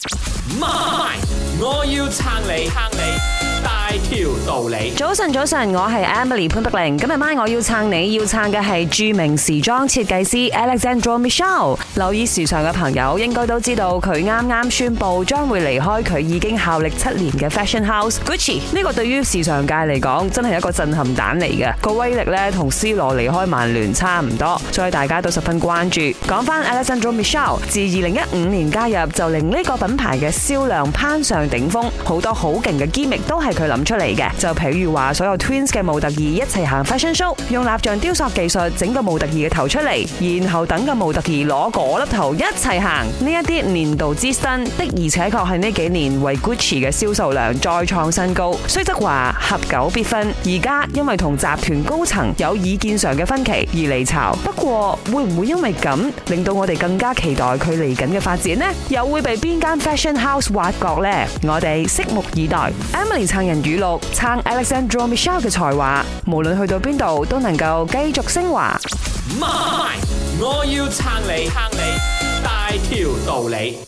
媽咪，My, 我要撐你，撐你。大條道理。早晨，早晨，我係 Emily 潘德玲。今日晚我要撐你，要撐嘅係著名時裝設計師 Alessandro Michele。留意時尚嘅朋友應該都知道，佢啱啱宣布將會離開佢已經效力七年嘅 Fashion House Gucci。呢個對於時尚界嚟講真係一個震撼彈嚟嘅，個威力呢，同 C 羅離開曼聯差唔多，所以大家都十分關注。講翻 Alessandro Michele，自二零一五年加入就令呢個品牌嘅銷量攀上頂峰，好多好勁嘅機密都係。佢諗出嚟嘅，就譬如話所有 Twins 嘅模特兒一齊行 fashion show，用蠟像雕塑技術整個模特兒嘅頭出嚟，然後等個模特兒攞嗰粒頭一齊行。呢一啲年度之新的而且確係呢幾年為 Gucci 嘅銷售量再創新高。雖則話合久必分，而家因為同集團高層有意見上嘅分歧而離巢。不過會唔會因為咁令到我哋更加期待佢嚟緊嘅發展呢？又會被邊間 fashion house 挖角呢？我哋拭目以待。Emily 人語錄撐 Alexandre Michelle 嘅才華，無論去到邊度都能夠繼續升華。My，我要撐你撐你，大條道理。